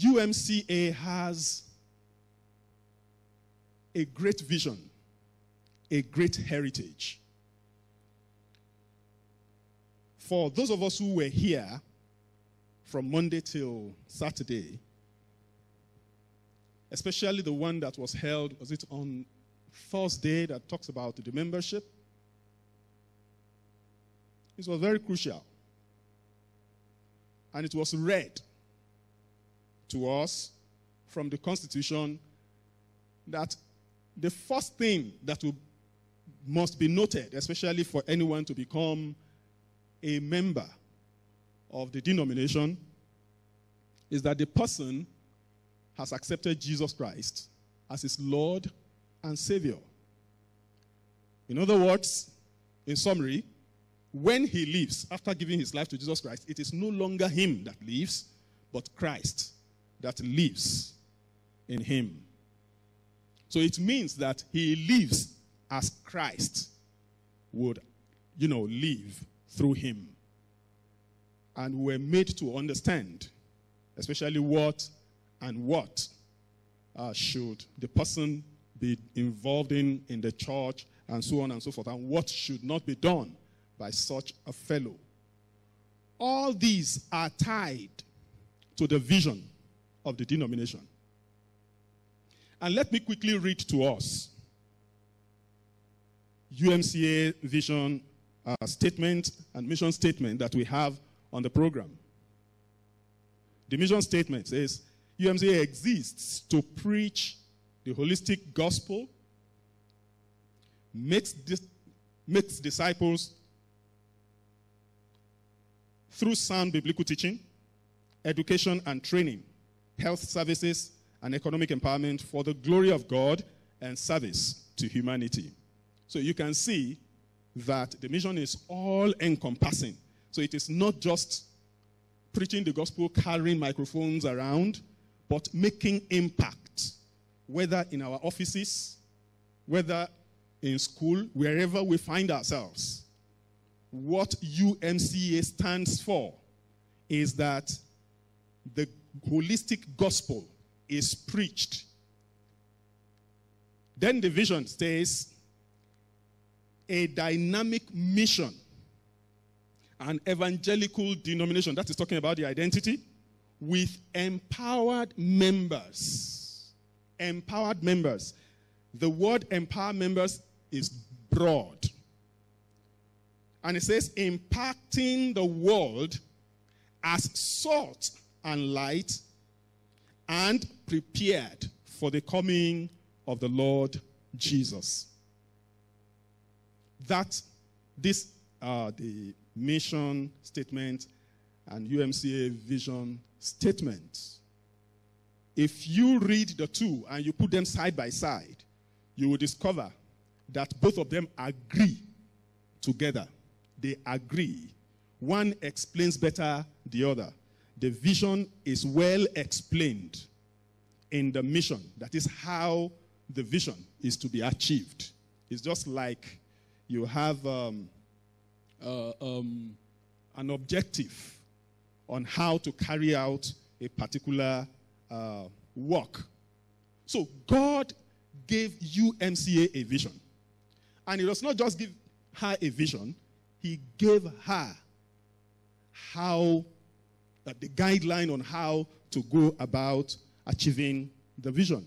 UMCA has a great vision, a great heritage. For those of us who were here from Monday till Saturday, especially the one that was held, was it on Thursday, that talks about the membership? It was very crucial. And it was read to us from the Constitution that the first thing that will, must be noted, especially for anyone to become a member of the denomination, is that the person has accepted Jesus Christ as his Lord and Savior. In other words, in summary, when he lives after giving his life to Jesus Christ, it is no longer him that lives, but Christ that lives in him. So it means that he lives as Christ would, you know, live through him. And we're made to understand, especially what and what uh, should the person be involved in in the church and so on and so forth, and what should not be done by such a fellow. All these are tied to the vision of the denomination. And let me quickly read to us UMCA vision uh, statement and mission statement that we have on the program. The mission statement says UMCA exists to preach the holistic gospel, makes, dis makes disciples through sound biblical teaching, education, and training health services, and economic empowerment for the glory of God and service to humanity. So you can see that the mission is all encompassing. So it is not just preaching the gospel, carrying microphones around, but making impact, whether in our offices, whether in school, wherever we find ourselves. What UMCA stands for is that the holistic gospel is preached, then the vision says a dynamic mission, an evangelical denomination that is talking about the identity with empowered members. Empowered members. The word empower members is broad. And it says impacting the world as salt and light and prepared for the coming of the Lord Jesus. That this uh, the mission statement and UMCA vision statement. If you read the two and you put them side by side, you will discover that both of them agree together. They agree. One explains better the other. The vision is well explained in the mission. That is how the vision is to be achieved. It's just like you have um, uh, um, an objective on how to carry out a particular uh, work. So God gave UMCA a vision. And he does not just give her a vision, he gave her how the guideline on how to go about achieving the vision.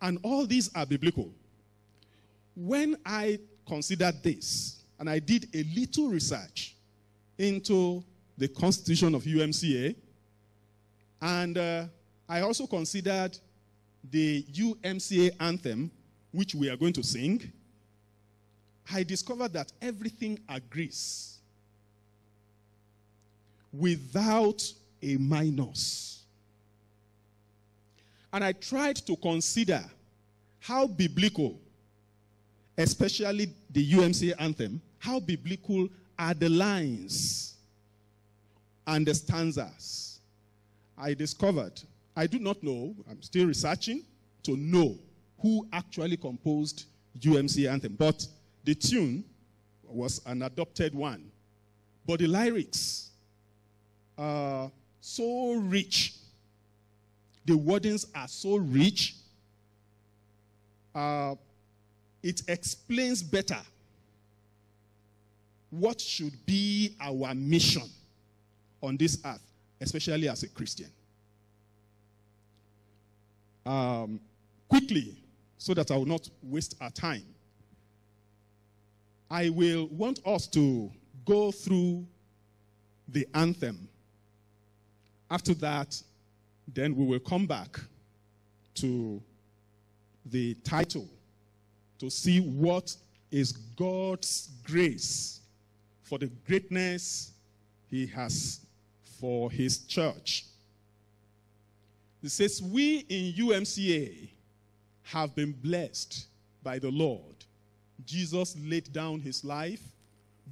And all these are biblical. When I considered this, and I did a little research into the constitution of UMCA, and uh, I also considered the UMCA anthem, which we are going to sing, I discovered that everything agrees without a minus. And I tried to consider how biblical, especially the UMC anthem, how biblical are the lines and the stanzas. I discovered, I do not know, I'm still researching to know who actually composed UMC anthem, but the tune was an adopted one. But the lyrics, uh, so rich. The wordings are so rich. Uh, it explains better what should be our mission on this earth, especially as a Christian. Um, quickly, so that I will not waste our time, I will want us to go through the anthem after that, then we will come back to the title to see what is God's grace for the greatness he has for his church. It says, We in UMCA have been blessed by the Lord. Jesus laid down his life,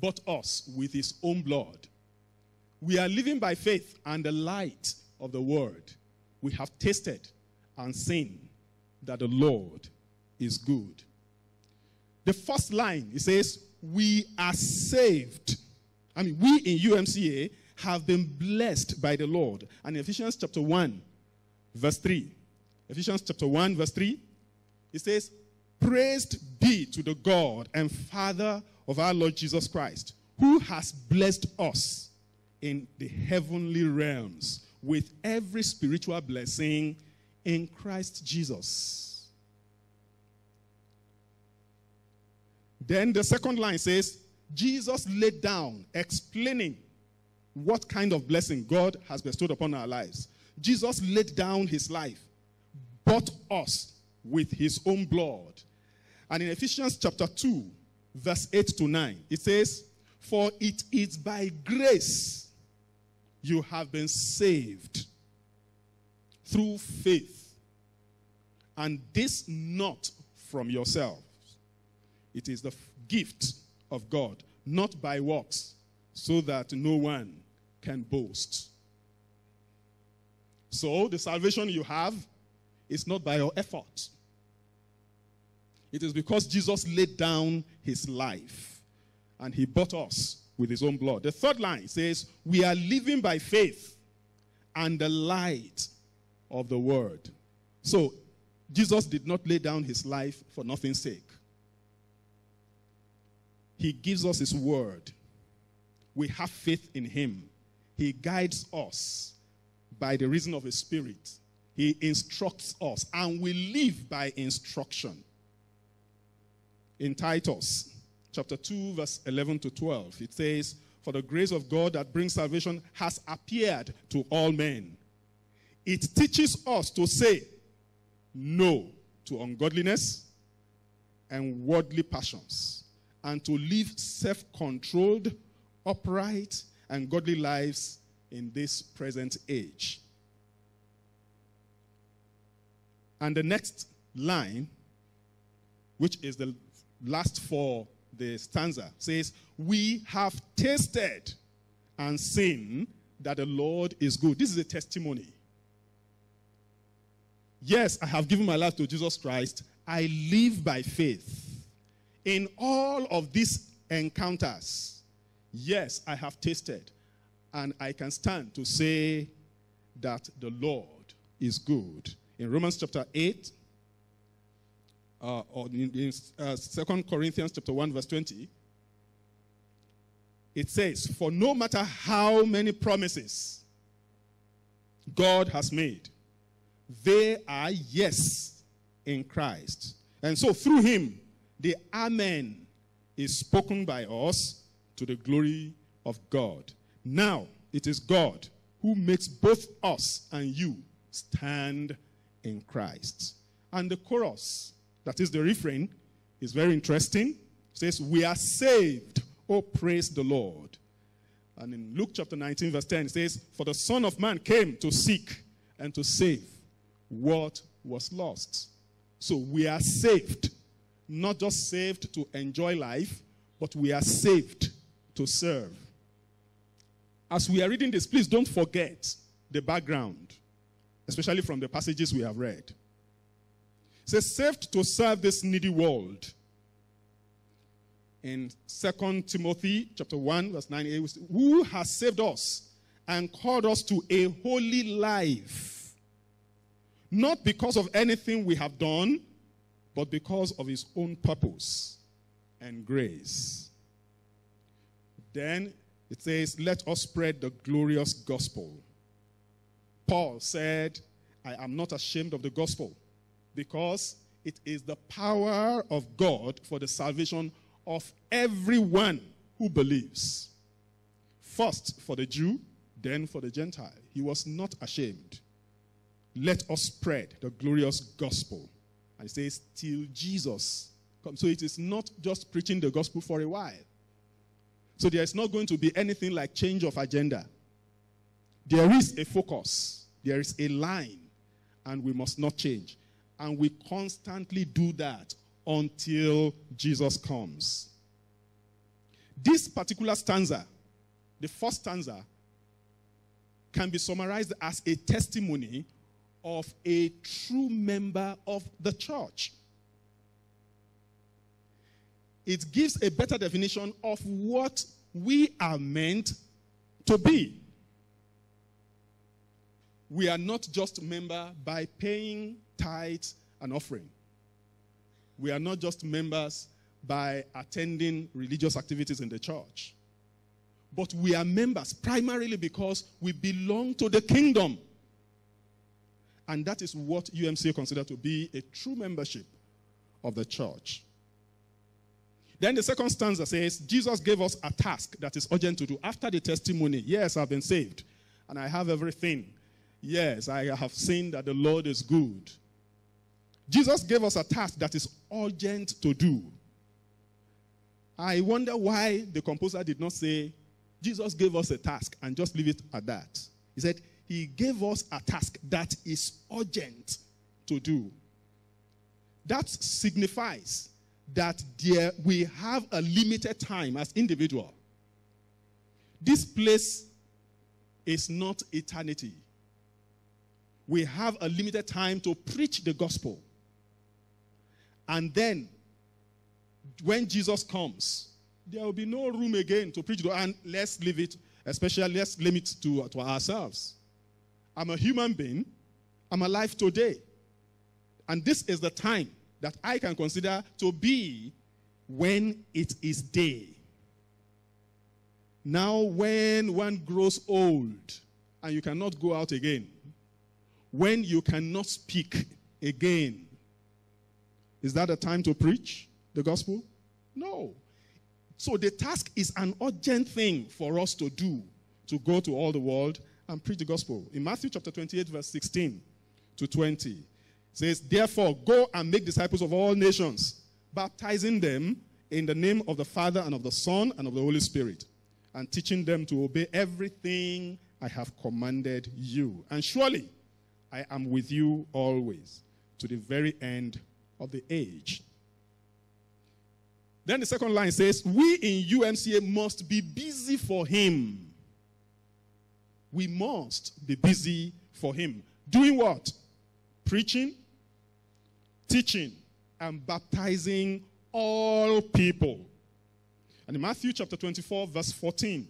bought us with his own blood. We are living by faith and the light of the word. We have tasted and seen that the Lord is good. The first line, it says, We are saved. I mean, we in UMCA have been blessed by the Lord. And Ephesians chapter 1, verse 3. Ephesians chapter 1, verse 3, it says, Praised be to the God and Father of our Lord Jesus Christ, who has blessed us in the heavenly realms with every spiritual blessing in Christ Jesus. Then the second line says, Jesus laid down explaining what kind of blessing God has bestowed upon our lives. Jesus laid down his life, bought us with his own blood. And in Ephesians chapter 2, verse 8 to 9, it says, For it is by grace you have been saved through faith. And this not from yourselves. It is the gift of God, not by works, so that no one can boast. So the salvation you have is not by your effort. It is because Jesus laid down his life and he bought us with his own blood. The third line says, We are living by faith and the light of the word. So, Jesus did not lay down his life for nothing's sake. He gives us his word. We have faith in him. He guides us by the reason of his spirit. He instructs us, and we live by instruction. In Titus, chapter 2, verse 11 to 12. It says, For the grace of God that brings salvation has appeared to all men. It teaches us to say no to ungodliness and worldly passions, and to live self controlled, upright, and godly lives in this present age. And the next line, which is the last four the stanza says, We have tasted and seen that the Lord is good. This is a testimony. Yes, I have given my life to Jesus Christ. I live by faith. In all of these encounters, yes, I have tasted and I can stand to say that the Lord is good. In Romans chapter 8, uh, or in, in uh, 2 Corinthians chapter 1, verse 20, it says, For no matter how many promises God has made, they are yes in Christ. And so through him, the Amen is spoken by us to the glory of God. Now it is God who makes both us and you stand in Christ. And the chorus that is the refrain, is very interesting. It says, We are saved. Oh, praise the Lord. And in Luke chapter 19, verse 10, it says, For the Son of Man came to seek and to save what was lost. So we are saved. Not just saved to enjoy life, but we are saved to serve. As we are reading this, please don't forget the background, especially from the passages we have read says, saved to serve this needy world. In 2 Timothy chapter 1, verse 9a, who has saved us and called us to a holy life, not because of anything we have done, but because of his own purpose and grace. Then it says, Let us spread the glorious gospel. Paul said, I am not ashamed of the gospel because it is the power of God for the salvation of everyone who believes. First for the Jew, then for the Gentile. He was not ashamed. Let us spread the glorious gospel. And it says, till Jesus comes. So it is not just preaching the gospel for a while. So there is not going to be anything like change of agenda. There is a focus, there is a line, and we must not change. And we constantly do that until Jesus comes. This particular stanza, the first stanza, can be summarized as a testimony of a true member of the church. It gives a better definition of what we are meant to be. We are not just member by paying tithes, and offering. We are not just members by attending religious activities in the church, but we are members primarily because we belong to the kingdom. And that is what UMC consider to be a true membership of the church. Then the second stanza says, Jesus gave us a task that is urgent to do after the testimony. Yes, I've been saved and I have everything. Yes, I have seen that the Lord is good. Jesus gave us a task that is urgent to do. I wonder why the composer did not say, Jesus gave us a task and just leave it at that. He said, He gave us a task that is urgent to do. That signifies that there, we have a limited time as individual. This place is not eternity. We have a limited time to preach the gospel. And then, when Jesus comes, there will be no room again to preach. And let's leave it, especially let's limit to, to ourselves. I'm a human being. I'm alive today. And this is the time that I can consider to be when it is day. Now, when one grows old and you cannot go out again, when you cannot speak again, is that a time to preach the gospel? No. So the task is an urgent thing for us to do to go to all the world and preach the gospel. In Matthew chapter 28, verse 16 to 20, says, Therefore, go and make disciples of all nations, baptizing them in the name of the Father and of the Son and of the Holy Spirit, and teaching them to obey everything I have commanded you. And surely I am with you always to the very end of the age. Then the second line says, We in UMCA must be busy for him. We must be busy for him. Doing what? Preaching, teaching, and baptizing all people. And in Matthew chapter 24, verse 14,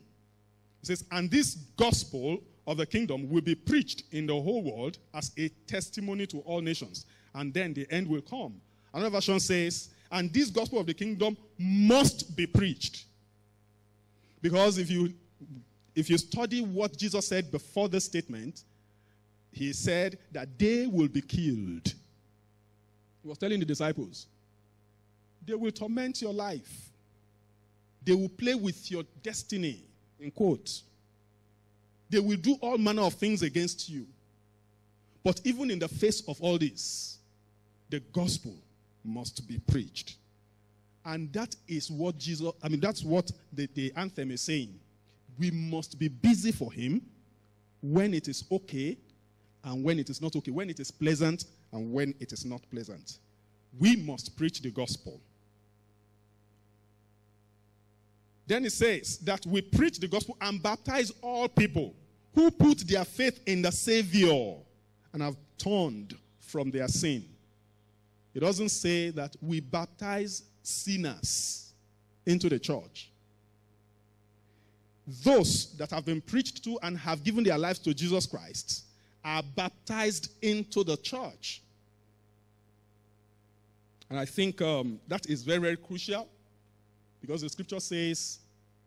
it says, And this gospel of the kingdom will be preached in the whole world as a testimony to all nations, and then the end will come. Another version says, and this gospel of the kingdom must be preached. Because if you if you study what Jesus said before this statement, he said that they will be killed. He was telling the disciples, they will torment your life. They will play with your destiny, in quotes. They will do all manner of things against you. But even in the face of all this, the gospel must be preached. And that is what Jesus, I mean, that's what the, the anthem is saying. We must be busy for him when it is okay and when it is not okay, when it is pleasant and when it is not pleasant. We must preach the gospel. Then it says that we preach the gospel and baptize all people who put their faith in the Savior and have turned from their sin. It doesn't say that we baptize sinners into the church. Those that have been preached to and have given their lives to Jesus Christ are baptized into the church. And I think um, that is very, very crucial because the scripture says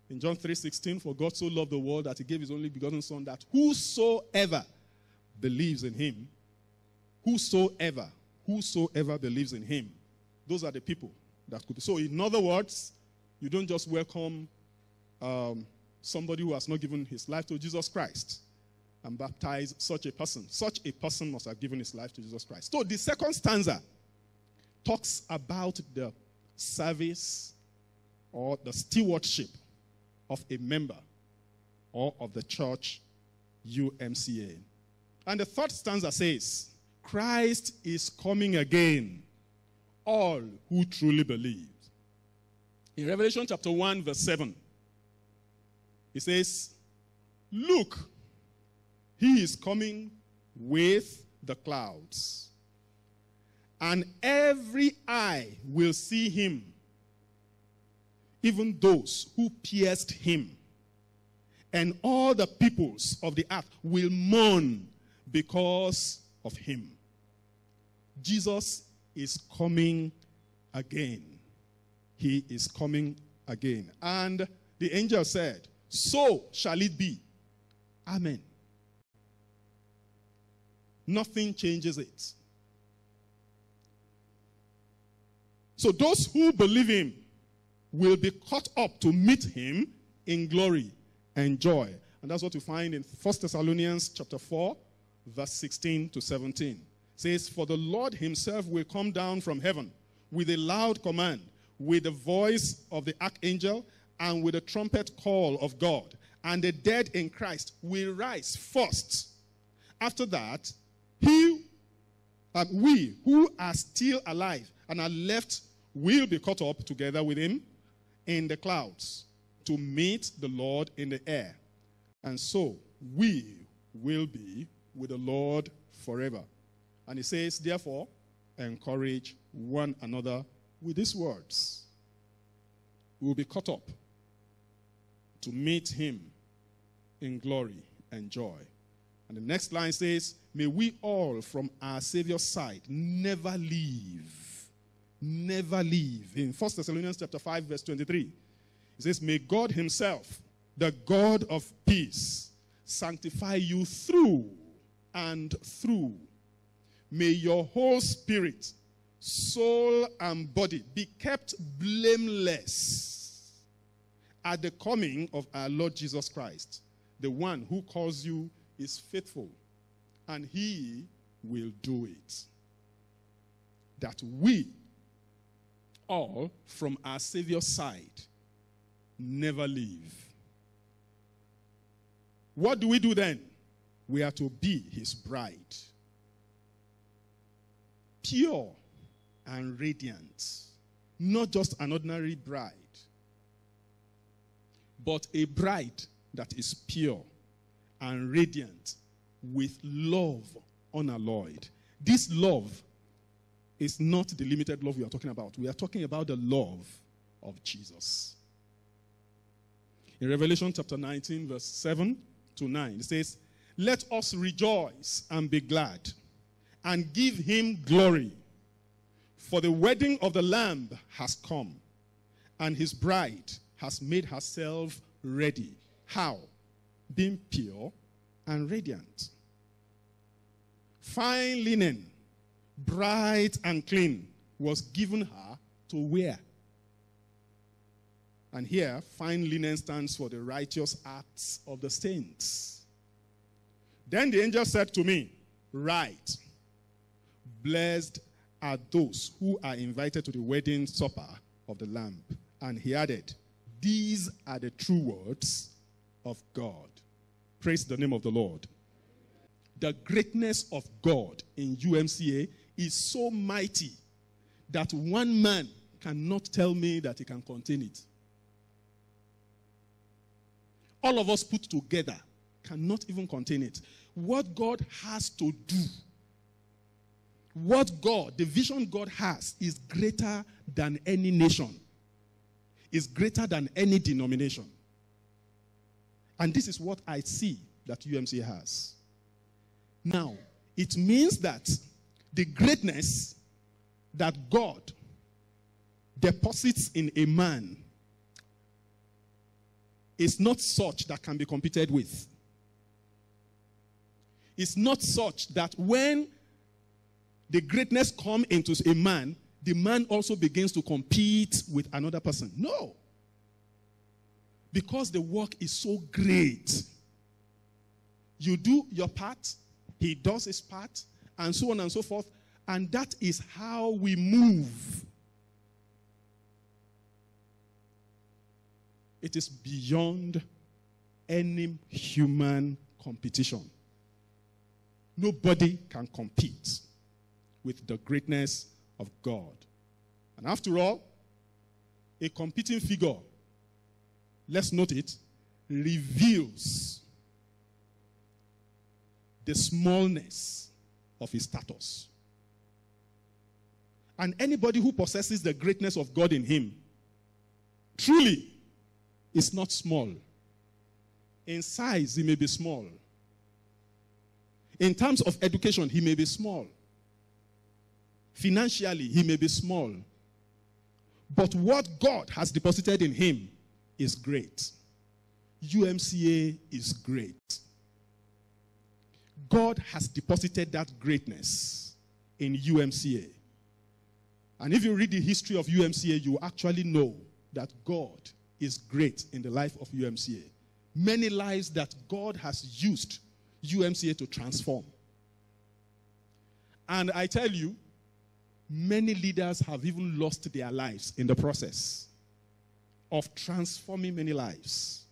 in John 3:16, "For God so loved the world that He gave His only begotten Son, that whosoever believes in Him, whosoever whosoever believes in him. Those are the people that could be. So, in other words, you don't just welcome um, somebody who has not given his life to Jesus Christ and baptize such a person. Such a person must have given his life to Jesus Christ. So, the second stanza talks about the service or the stewardship of a member or of the church UMCA. And the third stanza says, Christ is coming again. All who truly believe. In Revelation chapter 1, verse 7, he says, Look, he is coming with the clouds, and every eye will see him, even those who pierced him. And all the peoples of the earth will mourn because of him. Jesus is coming again. He is coming again. And the angel said, So shall it be. Amen. Nothing changes it. So those who believe him will be caught up to meet him in glory and joy. And that's what we find in 1 Thessalonians chapter 4, verse 16 to 17 says, For the Lord himself will come down from heaven with a loud command, with the voice of the archangel, and with the trumpet call of God. And the dead in Christ will rise first. After that, he, uh, we who are still alive and are left will be caught up together with him in the clouds to meet the Lord in the air. And so we will be with the Lord forever. And he says, Therefore, encourage one another with these words. We will be caught up to meet him in glory and joy. And the next line says, May we all from our Savior's side never leave. Never leave. In 1 Thessalonians chapter 5, verse 23, he says, May God Himself, the God of peace, sanctify you through and through May your whole spirit, soul, and body be kept blameless at the coming of our Lord Jesus Christ. The one who calls you is faithful, and he will do it. That we all from our Savior's side never leave. What do we do then? We are to be his bride pure and radiant, not just an ordinary bride, but a bride that is pure and radiant with love unalloyed. This love is not the limited love we are talking about. We are talking about the love of Jesus. In Revelation chapter 19, verse 7 to 9, it says, Let us rejoice and be glad and give him glory. For the wedding of the Lamb has come, and his bride has made herself ready. How? Being pure and radiant. Fine linen, bright and clean, was given her to wear. And here, fine linen stands for the righteous acts of the saints. Then the angel said to me, Write Blessed are those who are invited to the wedding supper of the Lamb. And he added, These are the true words of God. Praise the name of the Lord. The greatness of God in UMCA is so mighty that one man cannot tell me that he can contain it. All of us put together cannot even contain it. What God has to do what God, the vision God has, is greater than any nation, is greater than any denomination. And this is what I see that UMC has. Now, it means that the greatness that God deposits in a man is not such that can be competed with. It's not such that when the greatness come into a man, the man also begins to compete with another person. No. Because the work is so great. You do your part, he does his part, and so on and so forth. And that is how we move. It is beyond any human competition. Nobody can compete with the greatness of God. And after all, a competing figure, let's note it, reveals the smallness of his status. And anybody who possesses the greatness of God in him truly is not small. In size, he may be small. In terms of education, he may be small. Financially, he may be small. But what God has deposited in him is great. UMCA is great. God has deposited that greatness in UMCA. And if you read the history of UMCA, you actually know that God is great in the life of UMCA. Many lives that God has used UMCA to transform. And I tell you, Many leaders have even lost their lives in the process of transforming many lives.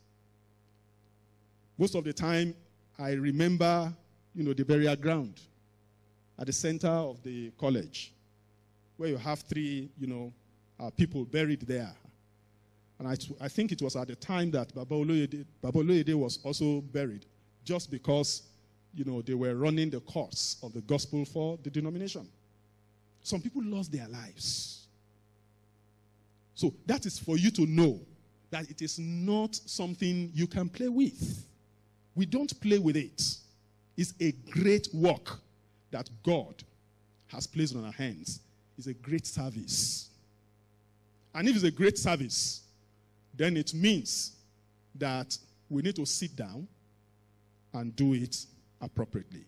Most of the time, I remember, you know, the burial ground at the center of the college, where you have three, you know, uh, people buried there. And I, think it was at the time that Baba Oloyede was also buried, just because, you know, they were running the course of the gospel for the denomination. Some people lost their lives. So that is for you to know that it is not something you can play with. We don't play with it. It's a great work that God has placed on our hands. It's a great service. And if it's a great service, then it means that we need to sit down and do it appropriately.